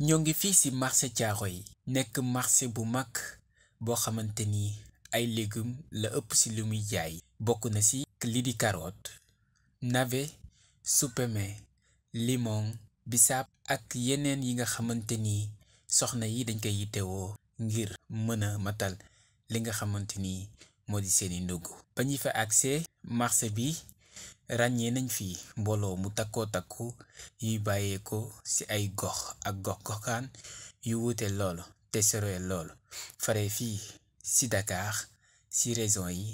ñoo ngi fi ci marché caaro yi nekk marché bu mag boo xamante ni ay légumes la ëpp ci li muy jaay bokk na ci lii di carotte navet supame limon bisaab ak yeneen yi nga xamante ni soxna yi dañ koy yittewoo ngir mën a matal li nga xamante ni moo di seeni ndugg ba ñu fa agsee marché bi ràññee nañ fi mbooloo mu takkoo takku yu bàyyeeko ci ay gox ak gox goxaan yu wuute lool te soroe lool fare fii ci dakaar ci région yi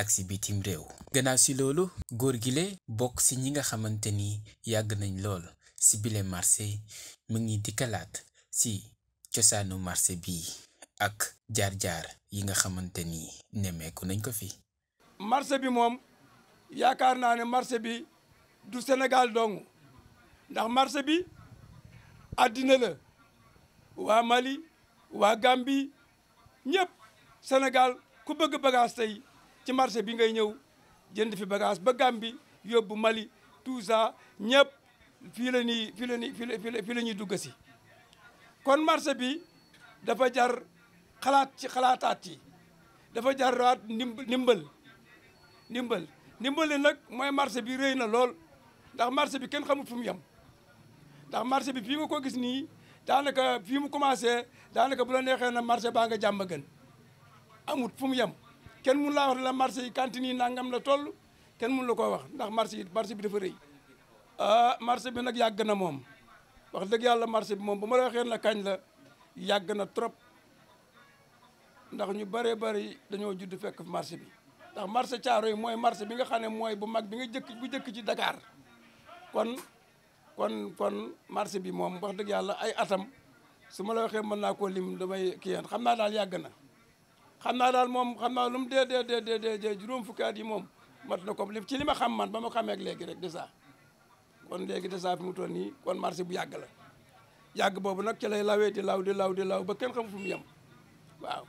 ak ci bitim réew gannaaw ci loolu góor gile bokk ci ñi nga xamante ni yàgg nañ lool ci bile marché mu ngi dikkalaat si cosaanu marché bi ak jaar-jaar yi nga xamante ni nemmeeku nañ ko fi. marché bi moom yaakaar naa ne marché bi du Sénégal dong ndax marché bi àddina la waa Mali waa Gambie ñëpp Sénégal ku bëgg bagage tey ci marché bi ngay ñëw jënd fi bagage ba Gambie yóbbu Mali tout ça ñëpp. fii la ñuy fii la fii la ñuy dugg si kon marché bi dafa jar xalaat ci xalaataat yi dafa jar waat ndimbal ndimbal ndimbal li nag mooy marché bi rëy na lool ndax marché bi kenn xamul fu mu yem ndax marché bi fii nga ko gis nii daanaka fii mu commencé daanaka bu la neexee na marché baa nga jàmm gën amut fu mu yem kenn mun laa wax la marché yi cantine yi nangam la toll kenn mun la koo wax ndax marché yi marché bi dafa rëy ah marché bi nag yàgg na moom wax dëgg yàlla marché bi moom bu ma la waxee kañ la yàgg na trop ndax ñu bëree bëri dañoo judd fekk marché bi ndax marché caaro yi mooy marché bi nga xam ne mooy bu mag bi nga jëkk bu jëkk ci Dakar kon kon kon bi moom wax dëgg yàlla ay atam su ma la waxee mën naa koo lim damay kii yéen xam naa daal yàgg na xam naa daal moom xam naa lu mu dee dee dee dee juróom fukki at yi moom mat na ko ci li ma xam man ba ma xamee ak léegi rek déjà kon léegi dèjà fi mu nii kon marché bu yàgg la yàgg boobu nag ci lay lawee di law di law di law ba kenn xam fu yem waaw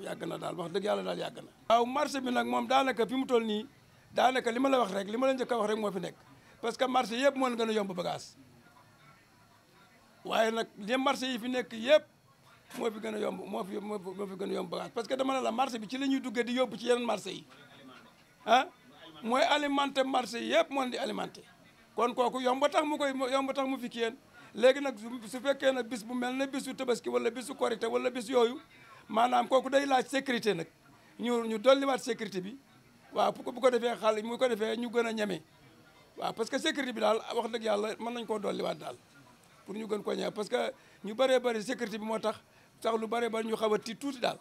yàgg na daal wax dëgg yàlla daal yàgg na waaw marché bi nag moom daanaka fi mu toll nii daanaka li ma la wax rek li ma la njëkk a wax rek moo fi nekk parce que marché yëpp moo gën a yomb bagage waaye nag li marché yi fi nekk yëpp moo gën a yomb moo fi moo fi gën a parce que dama ne la marché bi ci la ñuy duggee di yóbbu ci yeneen marché yi ah mooy alimenter marché yi yëpp moo leen di alimenter kon kooku yomb tax mu koy yomb tax mu fi kiyeen léegi nag su fekkee nag bis bu mel ne bisu tabaski wala bisu korité wala bis yooyu maanaam kooku day laaj sécurité nag ñu ñu dolliwaat sécurité bi waaw bu ko bu ko defee xal mu ko defee ñu gën a ñeme waaw parce que sécurité bi daal wax dëgg yàlla mën nañ koo dolliwaat daal pour ñu gën ko ñeme parce que ñu bëree bëri sécurité bi moo tax sax lu bëree bëri ñu xaw a tiit tuuti daal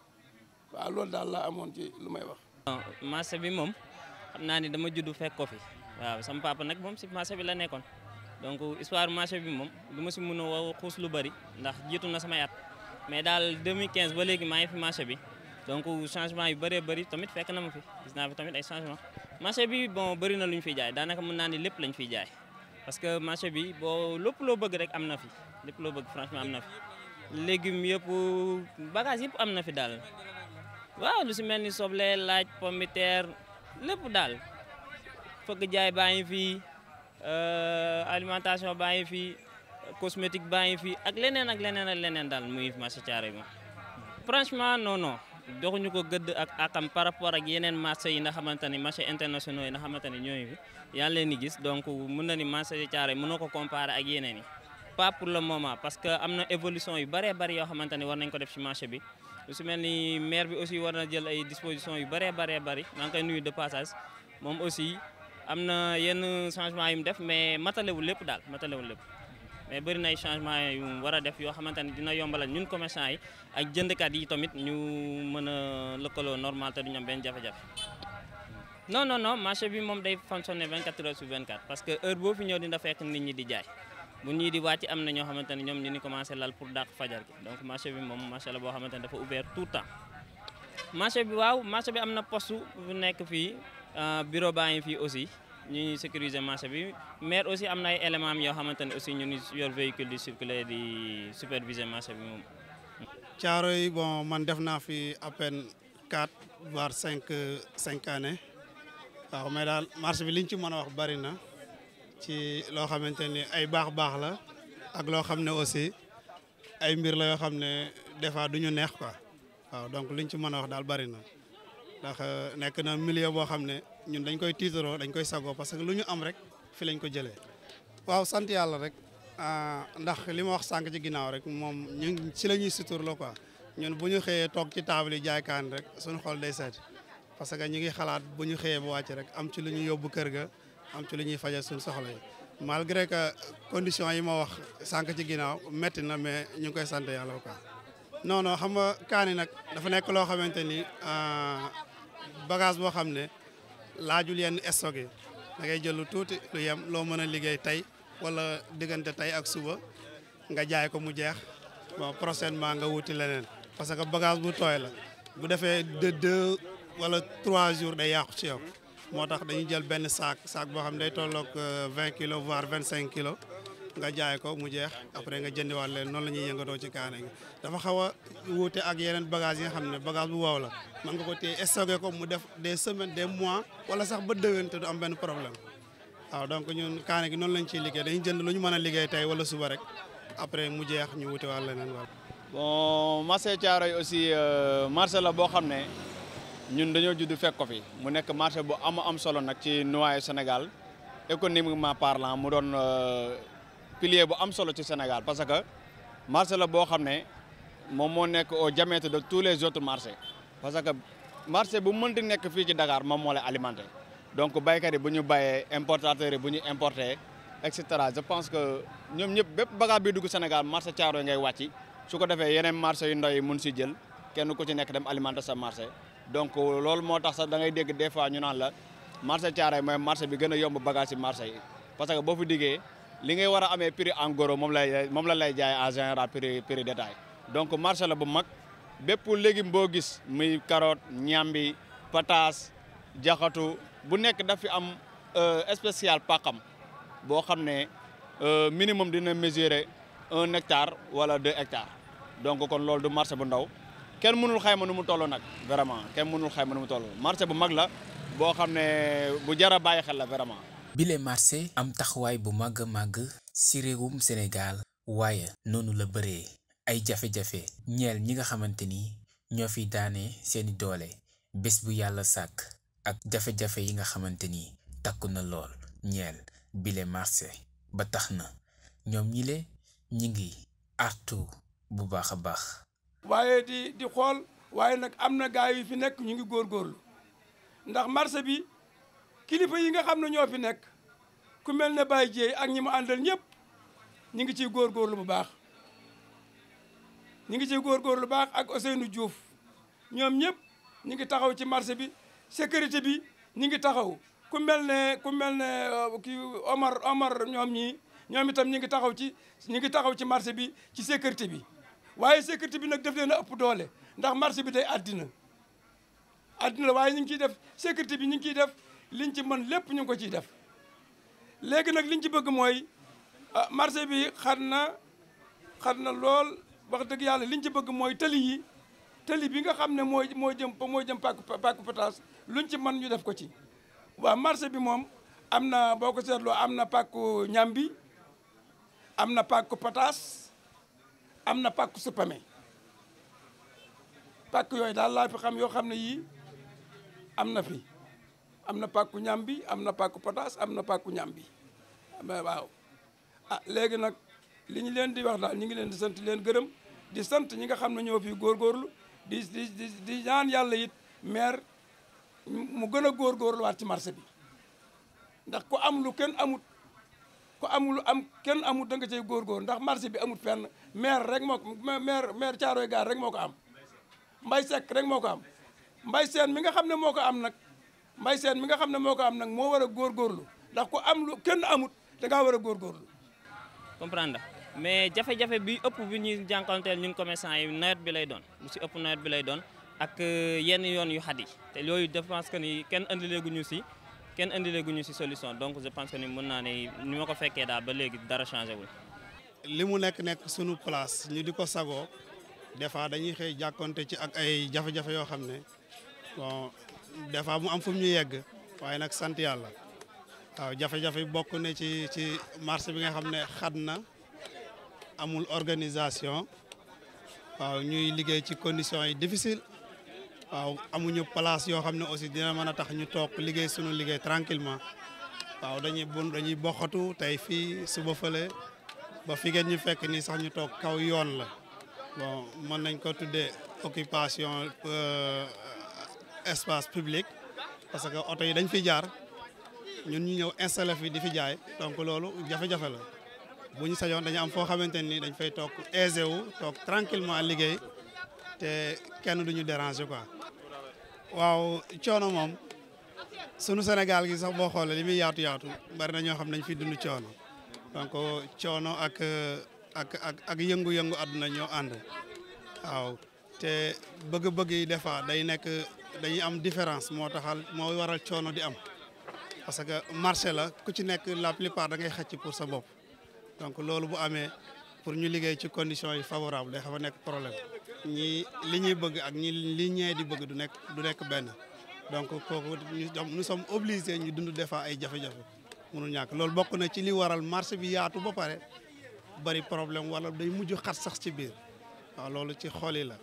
waaw loolu daal laa amoon ci lu may wax. marché bi moom xam naa ni dama juddu fekk fi. waaw sama papa nag moom si marché bi la nekkoon donc histoire marché bi moom du ma si mën a woo xuus lu bari ndax jiitu na sama at mais daal 2015 ba léegi maa ngi fi marché bi donc changement yu bëree bari tamit fekk na ma fi gis naa fi tamit ay changement marché bi bon bëri na lu ñu fiy jaay daanaka mën naa ni lépp jaay parce que marché bi boo lépp loo bëgg rek am na fi lépp loo bëgg franchement am na fi yëpp bagage yëpp am na fi daal waaw lu si mel ni soble laaj pomme de terre lépp daal fëgg jaay baa ngi fii euh, alimentation baa yi fii cosmétique baa ngi fii ak leneen ak leneen ak leneen daal muy marché Thiaroye ma franchement non non doxuñu ko gëdd ak akam par rapport ak yeneen marché yi na xamante ni marché internationaux yi nga xamante ni ñooñu fi yaa leen di gis donc mën na ni marché mun mënoo ko comparer ak yeneen yi pas pour le moment parce que am na évolution yu bëree bëri yoo xamante ni war nañ ko def ci marché bi lu si mel ni maire bi aussi war na jël ay dispositions yu bëree bëree bëri maa ngi passage am na yenn changement yu mu def mais matalewul lépp daal matalewul lépp mais bëri na ay changement yu war a def yoo xamante dina yombalal ñun commerçant yi ak jëndkat yi tamit ñu mën a lëkkaloo normal te du ñu benn jafe-jafe. non non non marché bi moom day fonctionné 24 heures sur 24 parce que heure boo fi ñëw dina fekk nit ñi di jaay. bu ñii di wàcc am na ñoo xamante ñoom ñu ni commencé lal pour dàq fajar gi donc marché bi moom marché la boo xamante ne dafa ouvert tout Euh, bureau baa ngi fii aussi ñu ngi sécuriser marché bi maire aussi am na ay éléments am yoo xamante ne aussi ñu ngi yor véhicule di circuler di superviser marché bi moom. caaro yi bon man def naa fi à quatre voire cinq cinq anné waaw mais daal marché bi liñ ci mën a wax bari na ci loo xamante ni ay baax-baax la ak loo xam ne aussi ay mbir la yoo xam ne des fois du ñu neex quoi waaw donc liñ ci mën a wax daal bari na. ndax euh, nekk na milieu boo xam ne ñun dañ koy tiitaroo dañ koy sagoo parce que lu ñu am rek fi lañ ko jëlee waaw sant yàlla rek ah, ndax li ma wax sànq ci ginnaaw rek moom ñu ci la ñuy sutur la quoi bu ñu xëyee toog ci table yi jaay rek suñu xol day seet parce que ñu ngi xalaat bu ñu xëyee bu wàcc rek am ci lu ñu yóbbu kër ga am ci lu ñuy fajal suñu soxla yi malgré que condition yi ma wax sànq ci ginnaaw métti na mais ñu ngi koy sant yàlla ko non xam kaani nag dafa nekk loo xamante ni ah, bagage boo xam ne laajul yenn stocké da ngay jël lu tuuti lu yem loo mën a liggéey tey wala diggante tey ak suba nga jaay ko mu jeex bon prochainement nga wuti leneen parce que bagage bu tooy la bu defee de deux wala trois jours day yàqu ci yow moo tax dañuy jël benn saak saak boo xam ne day tolloog euh, vingt kilos voire vingt cinq kilos nga jaay ko mu jeex après nga jëndiwaat leen noonu la ñuy yëngatoo ci kaane gi dafa xaw a wuute ak yeneen bagage yi nga xam ne bagage bu waw la mën nga ko téye stocké ko mu def des semaine des mois wala sax ba déwén te am benn problème waaw donc ñun kaane gi noonu lañ ciy liggéey dañuy jënd lu ñu mën a liggéey tey wala suba rek après mu jeex ñu wute wutewaat leneen waaw bon marché Thiaroye aussi euh, marché la boo xam ne ñun dañoo judd fekk ko fi mu nekk marché bu am am solo nag ci noyau Sénégal économiquement parlant mu doon euh, pilier bu am solo ci Sénégal parce que marché la boo xam ne moom moo nekk au diamètre de tous les autres marchés parce que marché bu mënti nekk fii ci Dakar moom moo lay alimenté donc baykat yi bu ñu bayee importateurs yi bu ñu importé et cetera je pense que ñoom ñëpp bépp bagage bi dugg Sénégal marché Thiaroye ngay wàcc su ko defee yeneen marché yu ndaw yi mun si jël kenn ku ci nekk dem alimenté sa marché donc loolu moo tax sax da ngay dégg des fois ñu naan la marché Thiaroye mooy marché bi gën a yomb bagage si marché yi parce que boo fi diggee li ngay war a amee prix engoro moom lay moom la lay jaay en général prix prix détail donc marché la bu mag bépp légume boo gis muy carotte ñambi pataas jaxatu bu nekk daf fi am euh, spécial paqam boo xam ne euh, minimum dina mesurer un hectare wala deux hectares donc kon loolu du marché bu ndaw kenn mënul xayma nu mu toll nag vraiment kenn xay xayma nu mu toll marché bu mag la boo xam ne bu jar a bàyyi xel la vraiment. bile marché am taxawaay bu màgg màgg ci réewum senegaal waaye noonu la bëree ay jafe-jafe ñeel ñi nga xamante ni ñoo fi daane seeni doole bés bu yàlla sàkk ak jafe-jafe yi nga xamante ni takku na lool ñeel bile marché ba tax na ñoom ñile ñi ngi artu bu baax a baax waaye di xool waaye nag am na gaay yu fi nekk ñu ngi góorgóorlu ndax marché bi kilifa yi nga xam ne ñoo fi nekk ku mel ne Baye Dieye ak ñi mu àndal ñëpp ñi ngi ciy góorgóorlu bu baax ñi ngi ciy góorgóorlu bu baax ak Ousseynou Diouf ñoom ñëpp ñi ngi taxaw ci marché bi sécurité bi ñi ngi taxaw ku mel ne ku mel ne euh, kii Omar Omar ñoom ñii ñoom itam ñi ngi taxaw ci ñi ngi taxaw ci marché bi ci sécurité bi waaye sécurité bi nag def leen a ëpp doole ndax marché bi day àddina àddina la waaye ñu ngi ciy def sécurité bi ñu ngi ciy def liñ ci mën lépp ñu ko ciy def léegi nag liñ ci bëgg mooy ah, marché bi xar na xar na lool wax dëgg yàlla liñ ci bëgg mooy tëli yi tëli bi nga xam ne mooy moo jëm moo jëm pàkk pàkk pataas luñ ci mën ñu def ko ci waaw marché bi moom am na boo ko seetloo am na pàkku ñambi am na pàkku pataas am na pàkku supame pàkk yooyu daal laa xam yoo xam ne yii am na fi am na pàkku ñambi am na pakku potaas am na pàkku ñambi waaw a ah, léegi nag li ñu leen di wax daal ñu ngi leen di sant leen gërëm di sant ñi nga xam ne ñoo fi góorgóorlu di di di di ñaan yàlla it maire mu gën a waat ci marché bi ndax ko am lu kenn amut ku am lu am kenn amut danga nga cay góorgóor ndax marché bi amut fenn maire rek moo ko maire maire Thiaroye Gare rek moo ko am Mbaye Seck rek moo ko am Mbaye Seen mi nga xam ne moo ko am nag mbay seen mi nga xam ne moo ko am nag moo war a góorgóorlu ndax ko am lu kenn amut da ngaa war a góor góorgóorlu comprendre mais jafe-jafe bi ëpp bi ñuy jànkonteel ñun commerçant yi nawet bi lay doon si ëpp nawet bi lay doon ak euh, yenn yoon yu xat yi te yooyu je pense que ni kenn andileeguñu si kenn andileeguñu si solution donc je mën naa ni ma ko fekkee daal ba léegi dara changé wul li mu nekk nekk suñu place ñu di ko sagoo des fois dañuy xëy jàkkonte ci ak ay jafe-jafe yoo xam ne des fois mu am fu ñu yegg waaye nag sant yàlla waaw jafe-jafe bokk na ci ci marché bi nga xam ne xat na amul organisation waaw ñuy liggéey ci conditions yi difficile waaw amuñu place yoo xam ne aussi dina mën a tax ñu toog liggéey sunu liggéey tranquillement waaw dañuy dañuy boxatu tey fii suba fële ba fi ngeen ñu fekk nii sax ñu toog kaw yoon la bon mën nañ ko tuddee occupation euh, espace public parce que oto yi dañ fi jaar ñun ñu ñëw installé fi di fi jaay donc loolu jafe-jafe la bu ñu sañoon dañ am foo xamante ni dañ fay toog aisé wu toog tranquillement liggéey te kenn du ñu dérangé quoi waaw coono moom sunu Sénégal gi sax boo xoolee li muy yaatu yaatu bari na ñoo xam dañ fi dund coono donc coono ak ak ak ak yëngu-yëngu àdduna ñoo ànd waaw te bëgg-bëgg yi des day nekk dañuy am différence moo taxal moo waral coono di am parce que marché la ku ci nekk la plupart dangay ngay xëcc pour sa bopp donc loolu bu amee pour ñu liggéey ci conditions yi favorable day xaw a nekk problème ñi li ñuy bëgg ak ñi li ñee di bëgg du nekk du nekk benn donc kooku nous sommes obligés ñu dund des ay jafe-jafe mënul ñàkk loolu bokk na ci li waral marché bi yaatu ba pare bari problème wala day mujj xat sax ci biir waaw loolu ci xol la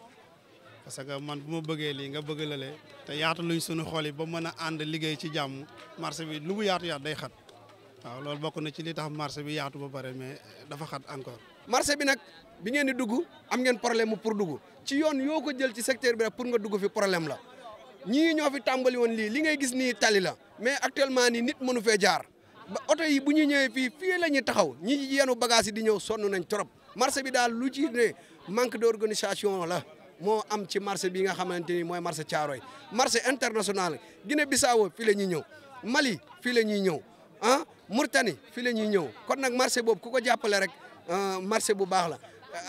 parce que man bu ma bëggee lii nga bëgg le te yaatu luñ suñu xol yi ba mën a ànd liggéey ci jàmm marché bi lu mu yaatu yaatu day xat waaw loolu bokk na ci li tax marché bi yaatu ba pare mais dafa encore. marché bi nag bi ngeen di dugg am ngeen problème mu pour dugg ci yoon yoo ko jël ci secteur bi rek pour nga dugg fi problème la ñii ñoo fi tàmbali woon lii li ngay gis nii tali la mais actuellement nii nit mënu fee jaar ba oto yi bu ñu ñëwee fii fii la ñuy taxaw ñi yenu bagage yi di ñëw sonn nañ trop marché bi lu ci ne manque d'organisation la. moo am ci marché bii nga xamante ni mooy marché Thiaroye marché international Guinée Bissau fii la ñuy ñëw Mali fii la ñuy ñëw ah Mauritanie fii la ñuy ñëw kon nag marché boobu ku ko jàppale rek ah, marché bu baax la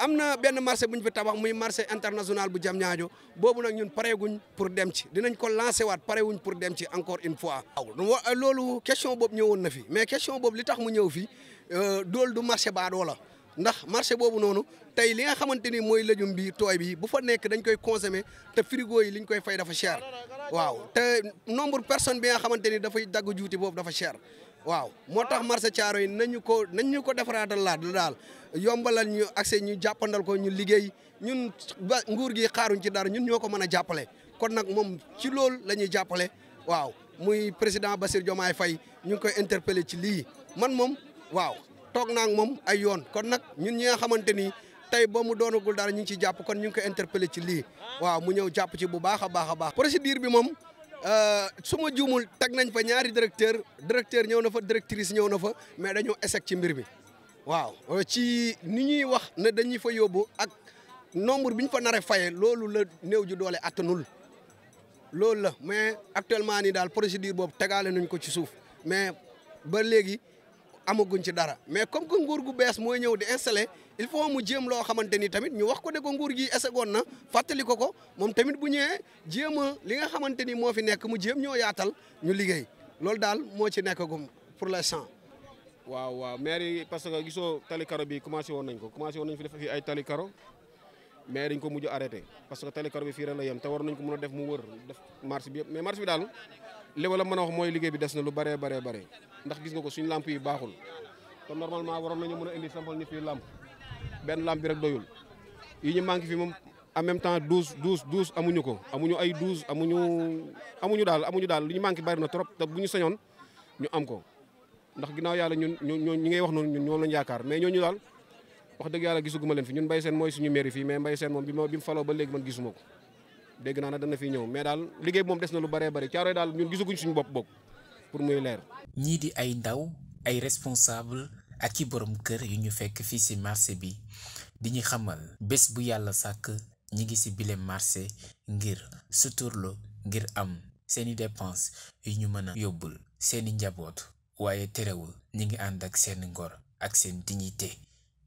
am na benn marché buñ fi tabax muy marché international bu jam ñaajo boobu nag ñun pareeguñ pour dem ci dinañ ko lancé waat pareewuñ pour dem ci encore une fois. waaw loolu question boobu ñëwoon na fi mais question boobu li tax mu ñëw fi dool euh, du marché baadoo la ndax marché boobu noonu tey li nga xamante ni mooy lëjum bi tooy bi bu fa nekk dañ koy consommer te frigo yi liñ koy fay dafa cher waaw te nombre personne bi nga xamante ni dafay dagg juuti boobu dafa cher waaw moo tax marché caaro yi nañu ko nañu ko defaraatal laa daal yombalal ñu accès ñu jàppandal ko ñu liggéey ñun ba nguur gi xaaruñ ci dara ñun ñoo ko mën a jàppale kon nag moom ci loolu la ñuy jàppale waaw muy président Bassirou Diomaye fay ñu ngi koy interpellé ci lii man moom waaw toog naa moom ay yoon kon nag ñun ñi nga xamante ni tey ba mu doonagul daal ñu ngi ciy jàpp kon ñu ngi koy interpellé ci lii waaw mu ñëw jàpp ci bu baax a baax a baax. procédure bi moom euh, su ma juumul teg nañ fa ñaari directeur directeur ñëw na fa directrice ñëw na fa mais dañoo échec ci mbir mi waaw ci nu ñuy wax ne dañuy fa yóbbu ak nombre bi ñu fa nar a fayee loolu la néew ju doole attanul loolu la mais actuellement nii daal procédure boobu tegaale nañ ko ci suuf mais ba léegi. amaguñ ci dara mais comme que nguur gu bees mooy ñëw di installé il faut mu jéem loo xamante ni tamit ñu wax ko ne ko nguur gi esegoon na fàttali ko ko moom tamit bu ñëwee jéem a li nga xamante ni moo fi nekk mu jéem ñoo yaatal ñu liggéey loolu daal moo ci nekkagum pour l'instant. waaw waaw maire yi parce que gisoo tali karo bi commencé woon nañ ko commencé woon nañ fi def fii ay tali karo mais dañ ko mujj arrêté parce que tali karo bi fii rek te war nañ ko mën a def mu wër def marché bi daal. li wala mën a wax mooy liggéey bi des na lu bëree baree bëri ndax gis nga ko suñu lamp yi baaxul kon normalement waroon nañu mën a indi sampal ni fii lamp benn lamp bi rek doyul yi ñu manqué fi moom en même temps douze douze douze amuñu ko amuñu ay douze amuñu ñu manqué bari na trop te ñu sañoon ñu am ko ndax ginnaaw yàlla ñun ñoo ñi ngay wax noonu ñun ñoo lañ yaakaar mais ñooñu daal wax dëgg yàlla gisuguma leen fi ñun Mbaye Sène mooy suñu mairie fii mais Mbaye Sène moom bi mu faloo ba léegi man gisuma ko dégg naa ne dana fi ñëw mais daal liggéey bi moom des na lu bëree bëri Caaroy daal ñun gisaguñ suñu bopp bopp pour muy leer. ñii di ay ndaw ay responsable ak ci borom kër yu ñu fekk fii ci marché bi di ñu xamal bés bu yàlla sàkk ñi ngi si bile marché ngir suturlo ngir am seeni dépense yu ñu mën a yóbbul seeni njaboot waaye terewul ñi ngi ànd ak seeni ngor ak seen dignité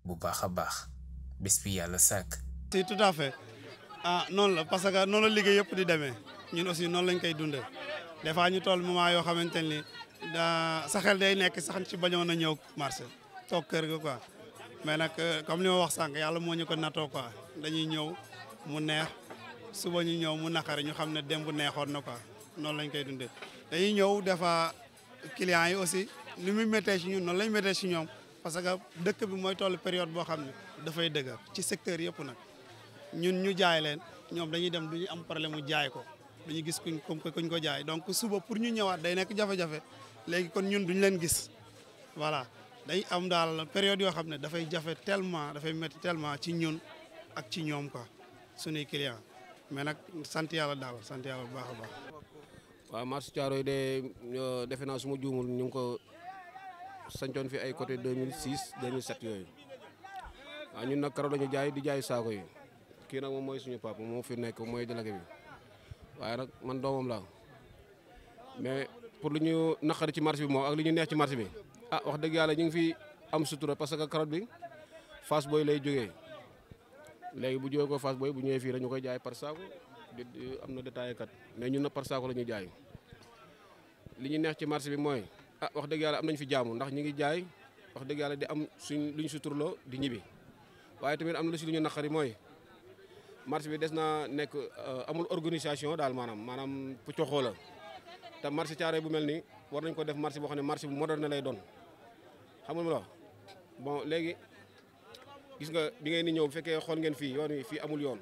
bu baax a baax bés bu yàlla sàkk. ah noonu la parce que noonu liggéey yëpp di demee ñun aussi noonu lañ koy dundee des fois ñu toll moment yoo xamante ni da sa xel day nekk sax ci bañoon a ñëw marché toog kër ga quoi mais nag euh, comme li ma wax sànq yàlla moo ñu ko natoo quoi dañuy ñëw mu neex suba ñu ñëw mu naqari ñu xam ne démb neexoon na quoi noonu lañ koy dundee. dañuy ñëw des fois yi aussi ni muy méttee ci ñun noonu lañ méttee ci ñoom parce que dëkk bi mooy toll période boo xam ne dafay dëgër ci secteur yëpp nag. ñun ñu jaay leen ñoom dañuy dem duñu am problème mu jaay ko duñu gis kuñ kuñ ko jaay donc suba pour ñu ñëwaat day nekk jafe-jafe léegi kon ñun duñu leen gis voilà day am daal période yoo xam ne dafay jafe tellement dafay métti tellement ci ñun ak ci ñoom quoi suñuy client mais nag sant yàlla daal sant bu baax a baax. waaw marché Thiaroye de euh, defe naa su ma juumul ñu ngi ko sancoon fi ay côté 2006 set yooyu waaw ñun na karaw la ñu jaay di jaay saako yi. kii nag moom mooy suñu papa moo fi nekk mooy délégué bi waaye nag man doomam la mais pour lu ñu naqari ci marché bi moom ak lu ñu neex ci marché bi ah wax dëgg yàlla ñu ngi fi am sutura parce que carotte bi Fass Boy lay jógee léegi bu jógee ko Fass Boy bu ñëwee fii dañu koy jaay par saako am na détaillé mais ñun na par saako la ñuy jaay li ñu neex ci marché bi mooy ah wax dëgg yàlla am nañ fi jaamu ndax ñu ngi jaay wax dëgg yàlla di am suñ luñ suturloo di ñibbi waaye tamit am na lu si lu ñu naqari mooy marche bi des naa nekk euh, amul organisation daal maanaam maanaam puccoxoo la te marche Thiaroye bu mel ni war nañ ko def marche boo xam ne marche bu moderne lay doon xam nga la bon léegi gis nga bi ngay ni ñëw bu fekkee xool ngeen fii yoon wi fii amul yoon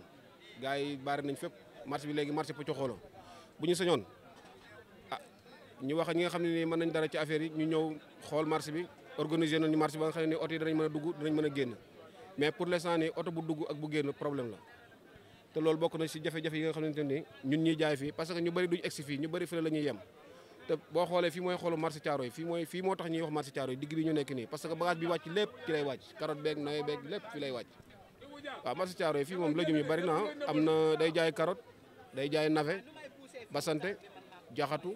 gars yi bari nañ fépp marche bi léegi marche puccoxoo la bu ñu señoon a ah, ñu wax ñi nga xam ne nii mën nañ dara ci affaire yi ñu ñëw xool marche bi organiser nañu marche ba nga xam ne nii oto yi danañ mën a dugg danañ mën a génn mais pour l'instant nii oto bu dugg ak bu génn problème la te loolu bokk na si jafe-jafe yi nga xamante ni ñun ñuy jaay fii parce que ñu bëri duñ egsi fii ñu bëri fële la ñuy yem te boo xoolee fii mooy xoolu marché Thiaroye fii mooy fii moo tax ñuy wax marché Thiaroye ñu nekk nii parce que bagage bi wàcc lépp ci lay wàcc carotte beeg nawe beeg lépp fi fii moom lëjum yu bëri na am na day jaay carotte day jaay navet basante jaxatu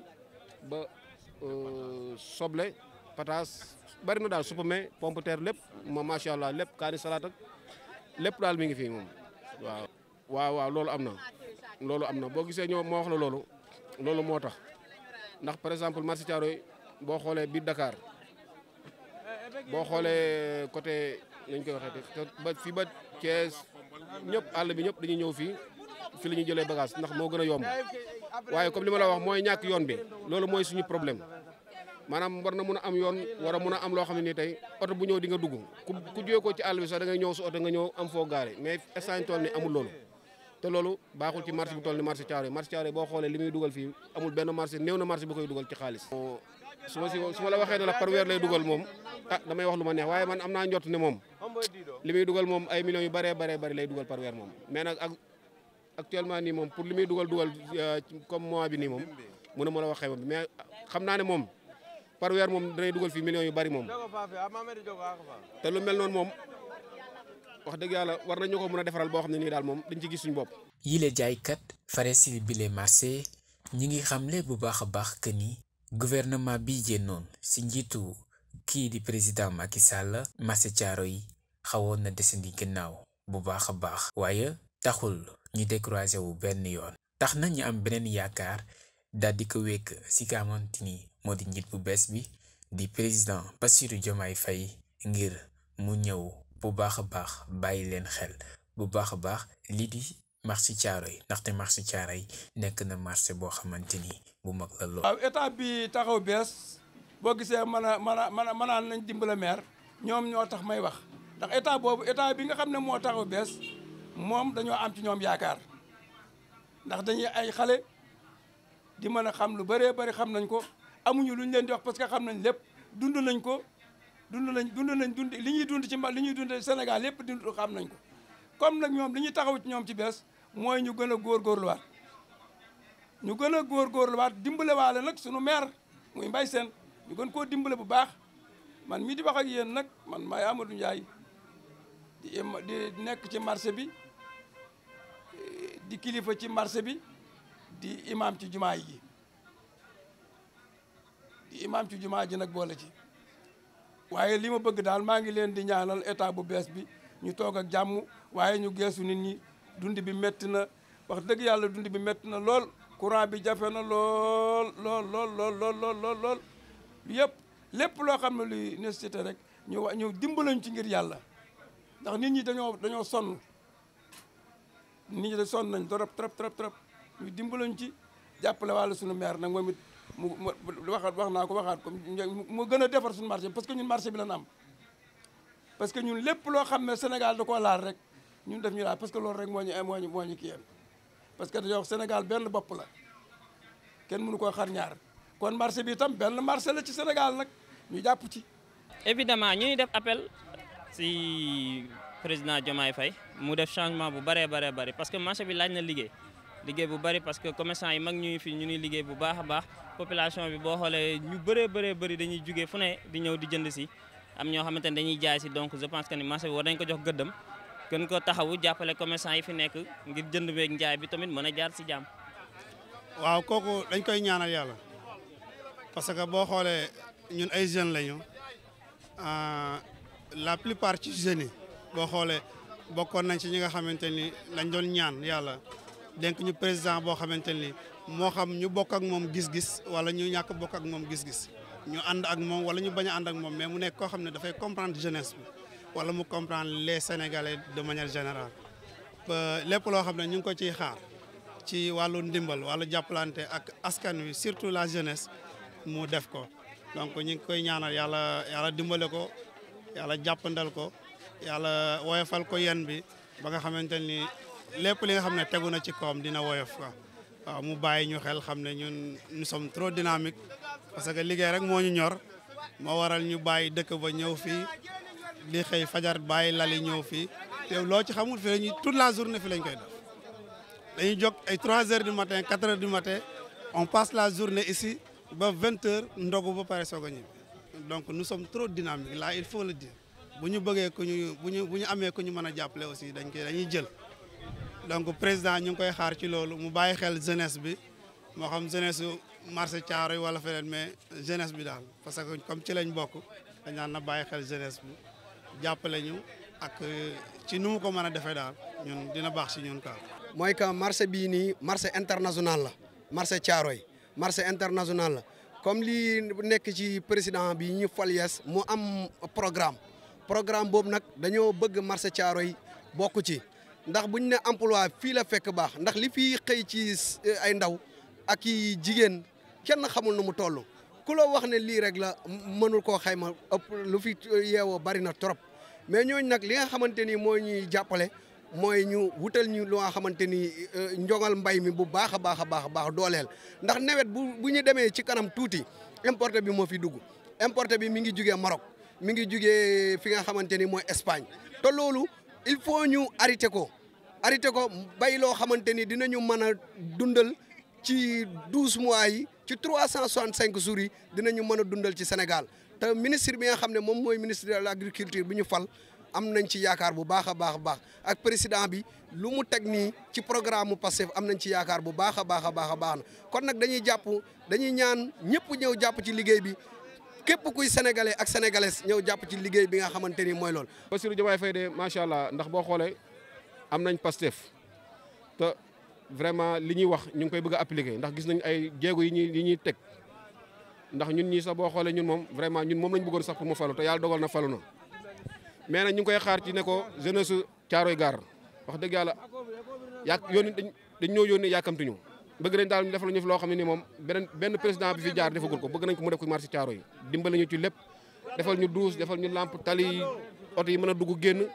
ba euh, soble pataas bari na daal supame pomme de terre lépp ma macha allah lépp kaani salaat ak lépp daal mi ngi fii moom waaw waaw loolu am na loolu am na boo gisee ñoo moo wax la loolu loolu moo tax ndax par exemple marché Thiaroye boo xoolee biir dakaar boo xoolee côté nañ koy waxee te ba fii ba Thiès ñëpp àll bi ñëpp dañuy ñëw fii fi la ñuy jëlee bagage ndax moo gën a yomb waaye comme li ma la wax mooy ñàkk yoon bi loolu mooy suñu problème maanaam war na mun a am yoon war a mun am loo xam ne nii tey oto bu ñëw di nga dugg ku ku ko ci àll bi sax da ngay ñëw su oto nga ñëw am foo gaare mais instant tool ni amul loolu te loolu baaxul ci marché bu toll ni marché Thiaroye marché Thiaroye boo xoolee li muy dugal fii amul benn marché néew na marché bu koy dugal ci xaalis su ma si su la waxee ne la par lay dugal moom a ah, damay wax lu ma neex waaye man am naa njott ne moom li muy dugal moom ay millions yu bëree bëree bëri lay dugal par weer moom mais nag ak actuellement nii moom pour li muy dugal dugal euh, comme mois bi nii moom mën na ma la waxee moom mais xam naa ne moom par weer moom danay dugal fii millions yu bëri moom ah, ah, te lu mel noonu moom wax dëgg yàlla war nañu ko mën a defaral boo xam ne nii daal moom dañ ci gis suñu bopp. yile jaaykat fare si bile marché ñi ngi xamle bu baax a baax que ni gouvernement bi génnoon si njiitu kii di président Macky Sall marché caaro yi xawoon na desandi gannaaw bu baax a baax. waaye taxul ñu découragé wu benn yoon. tax na ñu am beneen yaakaar daal di ko wekk si moo di njiit bu bees bi di président Bassirou Diomaye fay ngir mu ñëw. bu baax a baax bàyyi leen xel bu baax a baax lii di marché Thiaroye ndaxte marché Thiaroye nekk na marché boo xamante ni bu mag la lool. waaw état bi taxaw bees boo gisee mën a mana a a mënaan nañ dimbala maire ñoom ñoo tax may wax ndax état boobu état bi nga xam ne moo taxaw bees moom dañoo am ci ñoom yaakaar ndax dañuy ay xale di mën a xam lu baree bëri xam nañ ko amuñu luñ leen di wax parce que xam nañ lépp dund nañ ko. dund lañ dund nañ dund li ñuy dund ci mba li ñuy dund Sénégal lépp dund xam nañ ko comme nag ñoom li ñuy taxaw ci ñoom ci bees mooy ñu gën a góorgóorluwaat ñu gën a góorgóorluwaat dimbalewaale nag suñu maire muy Mbaye seen ñu gën koo dimbale bu baax man mii di wax ak yéen nag man maay Amadou Ndiaye di nekk ci marché bi di kilifa ci marché bi di imam ci jumaa yi di imam ci jumaa ji nag boole ci waaye li ma bëgg daal maa ngi leen di ñaanal état bu bees bi ñu toog ak jàmm waaye ñu geesu nit ñi dund bi métti na wax dëgg yàlla dund bi métti na lool courant bi jafe na lool lool lool lool lool lool lool yëpp lépp loo xam ne luy nécessité rek ñu wa ñu dimbalañ ci ngir yàlla ndax nit ñi dañoo dañoo sonn nit ñi da sonn nañ trop trop trop trop ñu dimbalañ ci jàppale wàllu sunu maire nag moom mu mu waxaat wax naa ko waxaat ko mu gën a defar suñu marché parce que ñun marché bi la am parce que ñun lépp loo xam ne Sénégal da koo laal rek ñun def ñu laal parce que loolu rek moo ñu moo ñu moo ñu kii parce que dañoo wax Sénégal benn bopp la kenn mënu ko xar ñaar kon marché bi itam benn marché la ci Sénégal nag ñu jàpp ci. évidemment ñu ngi def appel si président Diomaye fay mu def changement bu bëree bëree bëri parce que marché bi laaj na liggéey. liggéey bu bari parce que commerçant yi mag ñu ngi fi ñu ni liggéey bu baax a baax population bi boo xoolee ñu bëree bëree bëri dañuy jugee fu ne di ñëw di jënd si am ñoo xamante ne dañuy jaay si donc je pense que ni marché bi war nañ ko gën ko taxawu jàppale commerçant yi fi nekk ngir jënd beeg njaay bi tamit a jaar si jàmm. waaw kooku dañ koy ñaanal yàlla parce que boo xoolee ñun ay jeunes lañu euh, la plupart ci jeunes yi boo xoolee bokkoon nañ ci ñi nga xamante ni dañ doon ñaan yàlla. denk ñu président boo xamante ni moo xam ñu bokk ak moom gis-gis wala ñu ñàkk bokk ak moom gis-gis ñu ànd ak moom wala ñu bañ a ànd ak moom mais mu nekk koo xam ne dafay comprendre jeunesse bi wala mu comprendre les sénégalais de manière générale. lépp loo xam ne ñu ngi ko ci xaar ci wàllu ndimbal wala jàppalante ak askan wi surtout la jeunesse mu def ko donc ñu ngi koy ñaanal yàlla yàlla dimbale ko yàlla jàppandal ko yàlla woyofal ko yen bi ba nga xamante ni. lépp li nga xam ne tegu na ci koom dina woyof quoi waaw mu bàyyi ñu xel xam ne ñun nous sommes trop dynamique parce que liggéey rek moo ñu ñor moo waral ñu bàyyi dëkk ba ñëw fii li xëy fajar bàyyi lali ñëw fii te loo ci xamul fi lañuy toute la journée fi lañ koy def dañuy jóg ay 3 heures du matin 4 heures du matin on passe la journée ici ba 20 heures ndogu ba pare soog a donc nous sommes trop dynamiques la il faut le dire bu ñu bëggee ku ñu bu ñu bu ñu amee ku ñu mën a jàppale aussi dañ koy dañuy jël donc président ñu ngi koy xaar ci loolu mu bàyyi xel jeunesse bi moo xam jeunesse su marché Thiaroye yi wala feneen mais jeunesse bi daal parce que comme ci lañ bokk dañ naan na bàyyi xel jeunesse bi jàppale ñu ak euh, ci nu mu ko mën a defee daal ñun dina baax si ñun quoi. mooy que marché bii nii marché international la marché Thiaroye yi marché international la comme lii nekk ci président bi ñu fal yees mu am programme programme boobu nag dañoo bëgg marché caaro yi bokk ci. ndax bu ñu ne emploi fii la fekk baax ndax li fii xëy ci eh, ay ndaw ak i jigéen kenn xamul nu mu toll ku la wax ne lii rek la mënul koo xayma ëpp lu fi yeewo bari na trop mais ñooñu nag li nga xamante ni moo ñuy jàppale mooy ñu wutal ñu lu nga xamante ni eh, njongal mbay mi bu baax a baax a baax a baax dooleel ndax nawet bu bu ñu demee ci kanam tuuti importe bi moo fi dugg importe bi mi ngi jugee Maroc mi ngi jugee fi nga xamante ni mooy Espagne te il faut ñu arrêté ko arrêté ko bay loo xamante ni dinañu mën a dundal ci douze mois yi ci trois cent soixante cinq jours yi dinañu mën a dundal ci Sénégal te ministre bi nga xam ne moom mooy ministre de l' agriculture bi ñu fal am nañ ci bu baax a baax a baax ak président bi lu mu teg nii ci programme mu Pastef am nañ ci yaakaar bu baax a baax a baax a baax na kon nag dañuy jàpp dañuy ñaan ñëpp ñëw jàpp ci liggéey bi képp kuy sénégalais ak sénégalaises ñëw jàpp ci liggéey bi nga xamante ni mooy lool. Bassirou Diomaye Faye de macha allah ndax boo xoolee am nañ Pastef te vraiment li ñuy wax ñu ngi koy bëgg a ndax gis nañ ay jéego yi ñuy yi ñuy teg ndax ñun ñii sax boo xoolee ñun moom vraiment ñun moom lañ bëggoon sax pour mu falu te yàlla dogal na falu na mais nag ñu ngi koy xaar ci ne ko jeunesse caaroy Gare wax dëgg yàlla yàq yónni dañ dañ ñoo yónni yàkkamtuñu bëgg nañ daal ñu defal ñu fi loo xam ni moom benn président bi fi jaar defagul ko bëgg nañ ko mu def ko marché caaro yi dimbali ñu ci lépp defal ñu duus defal ñu lamp tali oto yi mën a dugg génn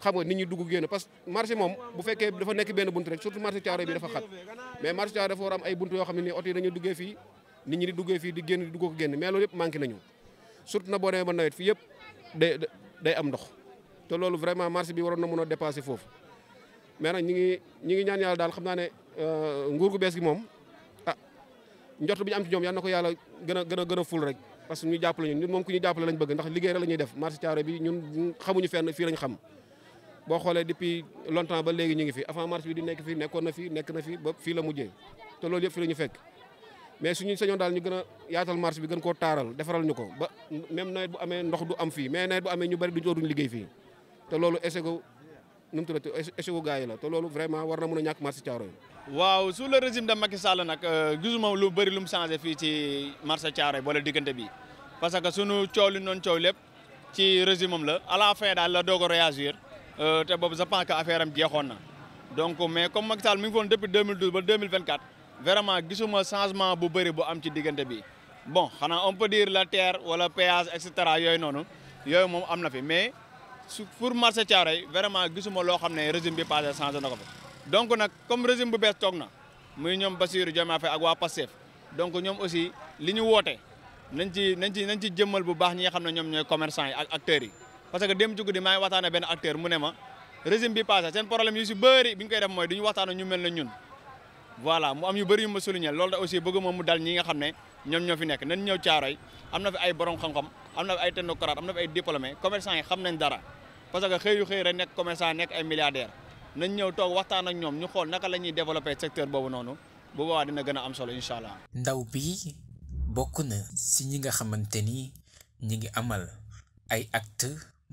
xam nga nit ñi dugg génn parce que marché moom bu fekkee dafa nekk benn bunt rek surtout marché caaro bi dafa xat mais marché caaro dafa war am ay bunt yoo xam ne nii duggee fii di génn di dugg génn mais loolu yëpp manqué nañu surtout na boo demee ba nawet fii yëpp day a Euh, nguur gu bees gi moom ah njort bi ñu am ci ñoom yal na ko yàlla gën a gën a gën a ful rek parce que ñu jàppale ñu ñun moom ku ñu jàppale lañ bëgg ndax liggéey rek la ñuy def marché Thiaroye bi ñun xamuñu fenn fii xam boo xoolee depuis longtemps ba léegi ñu ngi fi avant marché bi di nekk fii nekkoon na fi nekk na fi ba fii la mujjee te loolu yëpp fii la ñu fekk mais suñu sañoon daal ñu gën a yaatal marché bi gën koo taaral defaral ñu ko ba même nawet bu amee ndox du am fii mais nawet bu amee ñu bari du dootuñu liggéey fii te loolu échec gu nu mu tuddati échec la te loolu vraiment war na mën a ñàkk marché Thiaroye waaw sous le régime de Macky Sall nag euh, gisuma lu bëri lu mu changé fii ci marché Thiaroye wala diggante bi parce que sunu coow li noonu coow lépp ci régime moom la à la fin daal la doog a réagir euh, te boobu je pense que affaire jeexoon na donc mais comme Macky Sall mi ngi foon depuis 2012 ba 2024 vraiment gisuma changement bu bëri bu am ci diggante bi bon xanaa on peut dire la terre wala péage et cetera yooyu noonu yooyu moom am na fi mais su pour marché Thiaroye vraiment gisuma loo xam ne régime bi passé changé na ko fa donc nag comme régime bu bees toog na muy ñoom Bassirou Diomaye a ak waa Pastef donc ñoom aussi li ñu woote nañ ci nañ ci nañ ci jëmmal bu baax ñi nga xam ne ñoom ñooy commerçant yi ak acteurs yi parce que dem ci guddi maa ngi waxtaan benn acteur mu ne ma régime bi passé seen problème yu si bëri bi ñu koy def mooy du ñu waxtaan ñu mel na ñun voilà mu am yu bëri yu ma souligné loolu da aussi bëgguma mu dal ñi nga xam ne ñoom ñoo fi nekk nañ ñëw caaroy am na fi ay borom xam na fi ay technocrate am na fi yi xam nañ dara parce que xëy yu xëy rek nekk commerçant nekk ay nañ ñëw toog waxtaan ak ñoom ñu xool naka la ñuy développer secteur boobu noonu bu boobaa dina gën am solo incha allah. ndaw bi bokk na si ñi nga xamante ni ñi ngi amal ay acte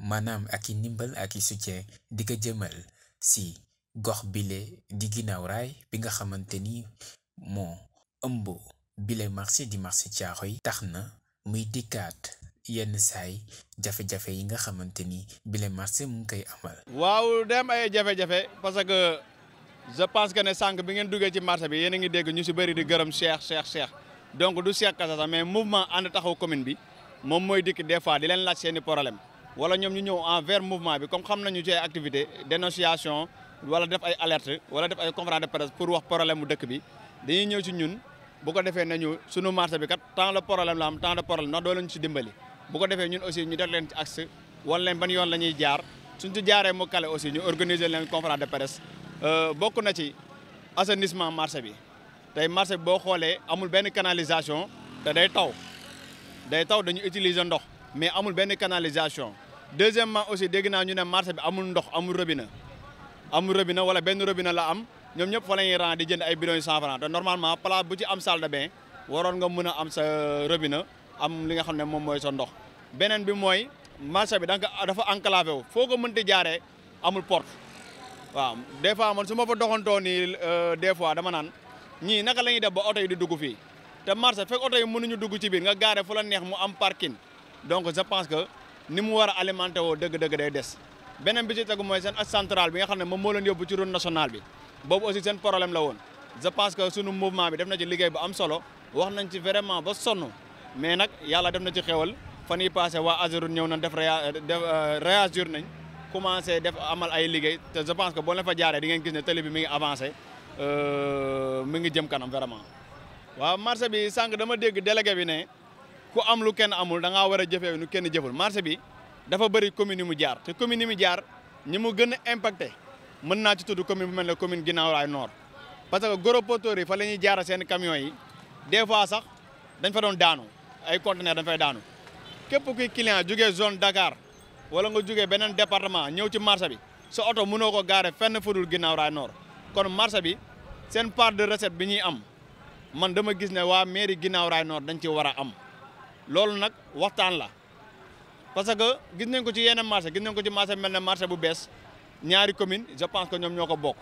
maanaam ak i ndimbal ak i soutien di ko jëmal si gox bile di ginnaaw raay bi nga xamante ni moo ëmb bile marché di marché Caaroy tax na muy dikkaat. yenn saay jafe-jafe yi nga xamante ni bile marché mu ngi koy amal. waaw dem ay jafe-jafe parce que je pense que ne sànq bi ngeen duggee ci marché bi yéen ngi dégg ñu si bëri di gërëm Cheikh Cheikh Cheikh donc du Cheikh Kassa sax mais mouvement ànd taxaw commune bi moom mooy dikk des fois di leen laaj seen i problème wala ñoom ñu ñëw envers mouvement bi comme xam nañu ci ay activité dénonciation wala def ay alerte wala def ay conférence de presse pour wax problème mu dëkk bi dañuy ñëw ci ñun defee nañu sunu marché bi kat tant de problème la am tant de doo leen ci dimbali bu ko defee ñun aussi ñu def leen ci axe wan leen ban yoon la jaar suñ ci jaaree mu kale aussi ñu organiser leen conférence de presse euh, bokk na ci assainissement marché bi tey marché bi boo xoolee amul benn canalisation te day taw day taw dañu utiliser ndox mais amul benn canalisation deuxièmement aussi dégg naa ñu ne marché bi amul ndox amul robinet amul robinet wala benn robinet la am ñoom ñëpp fa la ñuy rang di jënd ay bidons yu cent franc te normalement bu ci am salle de waroon nga mën a am sa robinet am li nga xam ne moom mooy sa ndox beneen bi mooy marché bi danga dafa enclavé wu foo ko mënti jaaree amul port waaw des fois man su ma fa doxantoo nii euh, des fois dama naan ñii naka la ñuy def ba oto yi di dugg fii te marché fekk oto yi ñu dugg ci biir nga gaare fu la neex mu am parking donc je pense que ni mu war a alimenté woo dëgg-dëgg day des beneen bi ci tegu mooy seen axe central bi nga xam ne moom moo leen yóbbu ci route nationale bi boobu aussi seen problème la woon je pense que sunu mouvement bi def na liggéey bu am solo wax nañ ci vraiment ba sonn mais nag yàlla def na ci xewal fan yi passé waa Azerun ñëw nañ def euh, def euh, réagir nañ commencé def amal ay liggéey te je pense que boo leen fa jaaree di ngeen gis ne télé bi mi ngi avancé euh, mi ngi jëm kanam vraiment. waaw marché bi sànq dama dégg délégué bi ne ku am lu kenn amul da ngaa war a jëfee nu kenn jëful marché bi dafa bëri commune yi mu jaar te commune yi mu jaar ñi mu gën a impacté mën naa ci tudd commune bu mel ne commune Guinaw Rail Nord. parce que gros porteurs yi fa la ñuy jaara seen camions yi des fois sax dañ fa doon daanu ay conteneurs dañ fay daanu. képp kuy client jugee zone Dakar wala nga jugee beneen département ñëw ci marché bi sa oto munoo ko gaare fenn fudul ginnaaw raay noor kon marché bi seen part de recette bi ñuy am man dama gis ne waa mairie ginnaaw raay noor dañ ci war a am loolu nag waxtaan la parce que gis nañ ko ci yeneen marché gis nañ ko ci marché mel ne marché bu bees ñaari commune je pense que ñoom ñoo ko bokk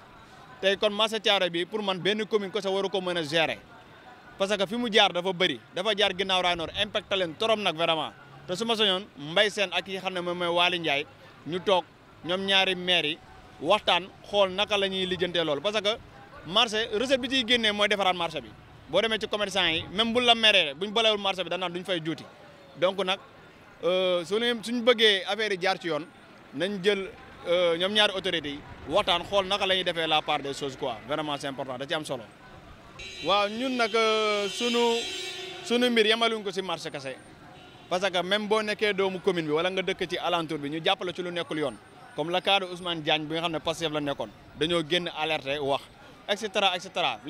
tey kon marché Thiaroye bi pour man benn commune ko sa waru ko mën a gérer parce que fi mu jaar dafa bëri dafa jaar ginnaaw raay noor impacté leen nag vraiment te su ma soñoon mbay seen ak yi xam na moom mooy Waly Ndiaye ñu toog ñoom ñaari maire yi waxtaan xool naka la ñuy lijjantee loolu parce que marché reset bi ciy génnee mooy defaraat marché bi boo demee ci commerçant yi même bu la meree buñ balewul marché bi danaan duñ fay juuti donc nag euh, suñu suñ bëggee affaire yi jaar ci yoon nañ jël euh, ñoom ñaari autorités yi waxtaan xool naka la ñuy defee la part des choses quoi vraiment c'est important da ci am solo waaw ñun nag euh, sunu sunu mbir yemaluñ ko si marché kese parce que même boo nekkee doomu commune bi wala nga dëkk ci alentour bi ñu jàppale ci lu nekkul yoon comme le cas de Ousmane Diagne bi nga xam ne Pastef la nekkoon dañoo génn alerté wax et cetera et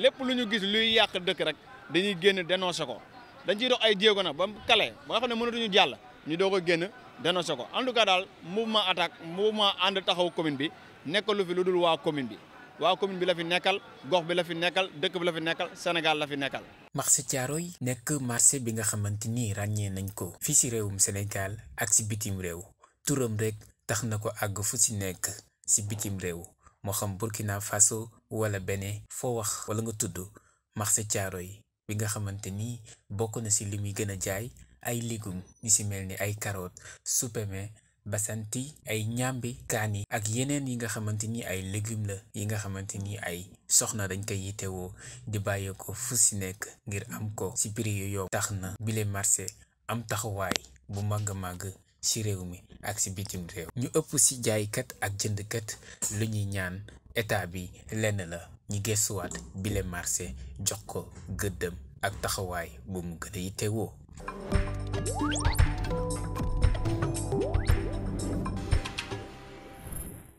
lépp lu ñu gis luy yàq dëkk rek dañuy génn dénoncé ko dañ ciy dox ay jéego nag ba mu kale ba nga xam ne mënatuñu jàll ñu doog génn dénoncé ko en tout cas daal mouvement attaque mouvement ànd taxaw commune bi nekk lu fi lu dul waa commune bi. waa commune bi la fi nekkal gox bi la fi nekkal dëkk bi la fi nekkal Sénégal la fi nekkal. caro yi nekk marché bi nga xamante ni ràññee nañ ko fii si réewum Sénégal ak si bitim réew turam rek tax na ko àgg fu ci nekk si bitim réew moo xam Burkina Faso wala Bénin foo wax wala nga tudd caro yi bi nga xamante ni bokk na si li muy gën a jaay ay légumes ñu si mel ni ay carottes supame basanti ay ñambi kaani ak yeneen yi nga xamante ni ay légumes la yi nga xamante ni ay soxna dañ koy yitewoo di bàyyee ko fu si nekk ngir am ko ci prix yu tax na bile marché am taxawaay bu màgg màgg ci réew mi ak si bitim réew ñu ëpp si jaaykat ak jëndkat lu ñuy ñaan état bi lenn la ñi gëstuwaat bile marché jox ko gëddëm ak taxawaay bu mu gën a